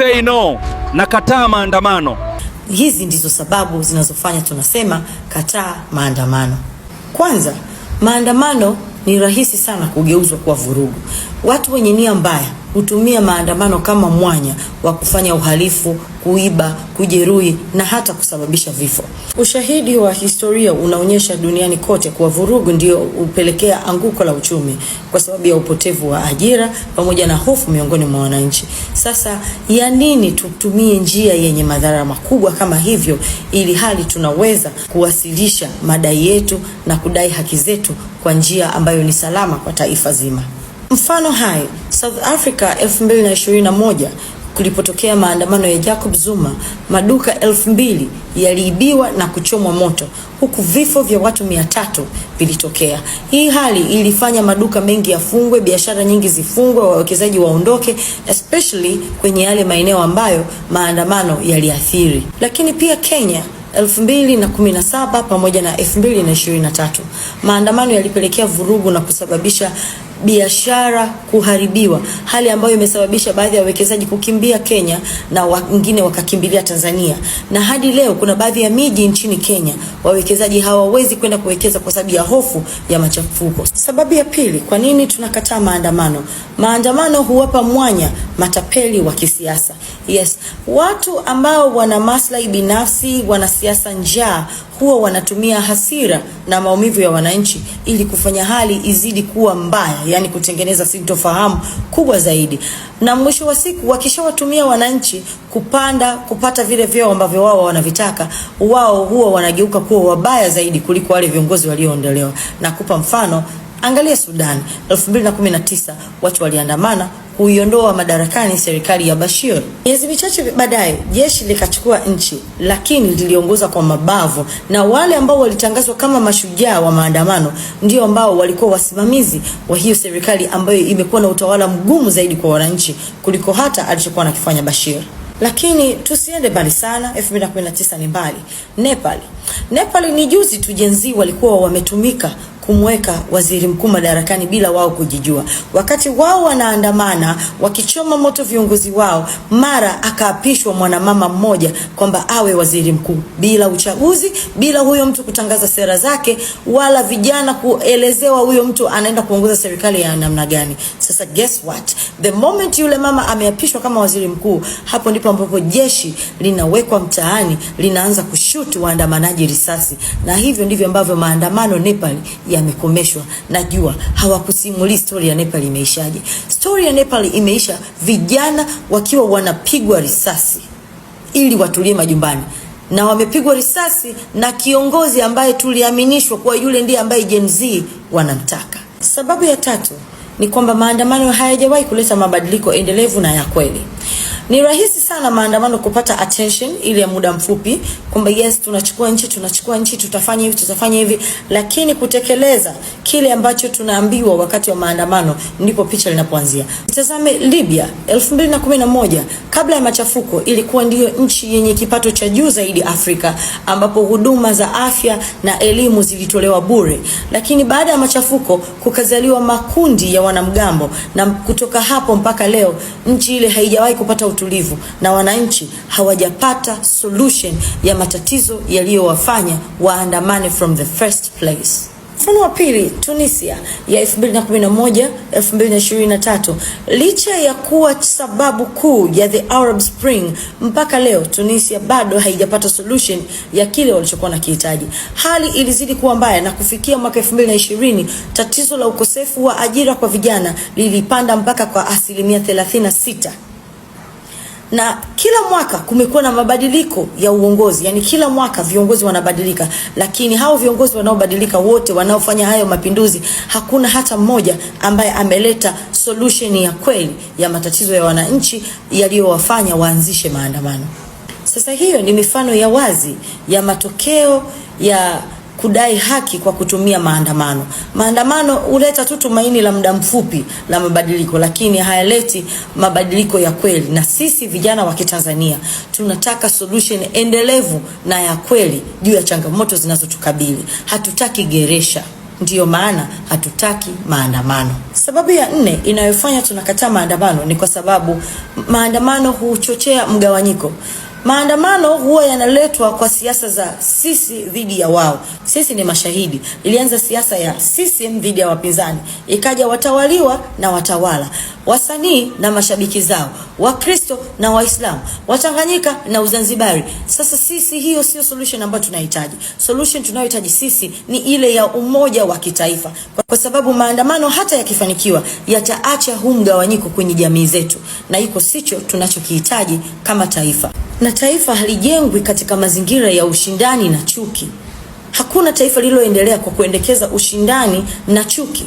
say no, na kataa maandamano. Hizi ndizo sababu zinazofanya tunasema kataa maandamano. Kwanza, maandamano ni rahisi sana kugeuzwa kuwa vurugu. Watu wenye nia mbaya hutumia maandamano kama mwanya wa kufanya uhalifu, kuiba, kujeruhi na hata kusababisha vifo. Ushahidi wa historia unaonyesha duniani kote kuwa vurugu ndio hupelekea anguko la uchumi kwa sababu ya upotevu wa ajira pamoja na hofu miongoni mwa wananchi. Sasa ya nini tutumie njia yenye madhara makubwa kama hivyo, ili hali tunaweza kuwasilisha madai yetu na kudai haki zetu kwa njia ambayo ni salama kwa taifa zima? Mfano hai South Africa 2021 kulipotokea maandamano ya Jacob Zuma, maduka elfu mbili yaliibiwa na kuchomwa moto huku vifo vya watu mia tatu vilitokea. Hii hali ilifanya maduka mengi yafungwe, biashara nyingi zifungwe, wawekezaji waondoke, especially kwenye yale maeneo ambayo maandamano yaliathiri. Lakini pia Kenya 2017 pamoja na 2023 maandamano yalipelekea vurugu na kusababisha biashara kuharibiwa, hali ambayo imesababisha baadhi ya wawekezaji kukimbia Kenya na wengine wakakimbilia Tanzania. Na hadi leo kuna baadhi ya miji nchini Kenya wawekezaji hawawezi kwenda kuwekeza kwa sababu ya hofu ya machafuko. Sababu ya pili, kwa nini tunakataa maandamano? Maandamano huwapa mwanya matapeli wa kisiasa. Yes, watu ambao wana maslahi binafsi, wana siasa njaa huwa wanatumia hasira na maumivu ya wananchi ili kufanya hali izidi kuwa mbaya yani kutengeneza sintofahamu kubwa zaidi, na mwisho wa siku wakishawatumia wananchi kupanda kupata vile vyeo ambavyo wao wanavitaka, wao huwa wanageuka kuwa wabaya zaidi kuliko wale viongozi walioondolewa. Na kupa mfano, angalia Sudan 2019 watu waliandamana kuiondoa madarakani serikali ya Bashir. Miezi michache baadaye jeshi likachukua nchi, lakini liliongoza kwa mabavu, na wale ambao walitangazwa kama mashujaa wa maandamano ndio ambao walikuwa wasimamizi wa hiyo serikali ambayo imekuwa na utawala mgumu zaidi kwa wananchi kuliko hata alichokuwa anakifanya Bashir. Lakini tusiende mbali sana, 2019 ni mbali. Nepal, Nepal ni juzi tu jenzi walikuwa wametumika kumweka waziri mkuu madarakani bila wao kujijua. Wakati wao wanaandamana wakichoma moto viongozi wao, mara akaapishwa mwanamama mmoja kwamba awe waziri mkuu bila uchaguzi, bila huyo mtu kutangaza sera zake wala vijana kuelezewa huyo mtu anaenda kuongoza serikali ya namna gani. Sasa guess what, the moment yule mama ameapishwa kama waziri mkuu, hapo ndipo ambapo jeshi linawekwa mtaani linaanza kushuti waandamanaji risasi, na hivyo ndivyo ambavyo maandamano Nepal ya yamekomeshwa, najua hawakusimuli stori ya Nepal imeishaje. Stori ya Nepal imeisha vijana wakiwa wanapigwa risasi ili watulie majumbani, na wamepigwa risasi na kiongozi ambaye tuliaminishwa kuwa yule ndiye ambaye Gen Z wanamtaka. Sababu ya tatu ni kwamba maandamano hayajawahi kuleta mabadiliko endelevu na ya kweli. Ni rahisi sana maandamano kupata attention ile ya muda mfupi, kwamba yes, tunachukua nchi, tunachukua nchi, tutafanya hivi, tutafanya hivi, lakini kutekeleza kile ambacho tunaambiwa wakati wa maandamano ndipo picha linapoanzia. Tazame Libya 2011 kabla ya machafuko, ilikuwa ndiyo nchi yenye kipato cha juu zaidi Afrika, ambapo huduma za afya na elimu zilitolewa bure, lakini baada ya machafuko kukazaliwa makundi ya wanamgambo, na kutoka hapo mpaka leo nchi ile haijawahi kupata utu utulivu na wananchi hawajapata solution ya matatizo yaliyowafanya waandamane from the first place. Mfano wa pili, Tunisia ya 2011 2023, licha ya kuwa sababu kuu ya the Arab Spring, mpaka leo Tunisia bado haijapata solution ya kile walichokuwa nakihitaji. Hali ilizidi kuwa mbaya na kufikia mwaka 2020 tatizo la ukosefu wa ajira kwa vijana lilipanda mpaka kwa asilimia 36 na kila mwaka kumekuwa na mabadiliko ya uongozi, yani kila mwaka viongozi wanabadilika, lakini hao viongozi wanaobadilika wote wanaofanya hayo mapinduzi, hakuna hata mmoja ambaye ameleta solution ya kweli ya matatizo ya wananchi yaliyowafanya waanzishe maandamano. Sasa hiyo ni mifano ya wazi ya matokeo ya kudai haki kwa kutumia maandamano. Maandamano huleta tu tumaini la muda mfupi la mabadiliko, lakini hayaleti mabadiliko ya kweli, na sisi vijana wa Kitanzania tunataka solution endelevu na ya kweli juu ya changamoto zinazotukabili. Hatutaki geresha. Ndiyo maana hatutaki maandamano. Sababu ya nne inayofanya tunakataa maandamano ni kwa sababu maandamano huchochea mgawanyiko. Maandamano huwa yanaletwa kwa siasa za sisi dhidi ya wao. Sisi ni mashahidi. Ilianza siasa ya sisi dhidi ya wapinzani, ikaja watawaliwa na watawala, wasanii na mashabiki zao, Wakristo na Waislamu, Watanganyika na Uzanzibari. Sasa sisi, hiyo sio solution ambayo tunahitaji. Solution tunayohitaji sisi ni ile ya umoja wa kitaifa, kwa sababu maandamano hata yakifanikiwa yataacha huu mgawanyiko kwenye jamii zetu, na iko sicho tunachokihitaji kama taifa na taifa halijengwi katika mazingira ya ushindani na chuki. Hakuna taifa lililoendelea kwa kuendekeza ushindani na chuki.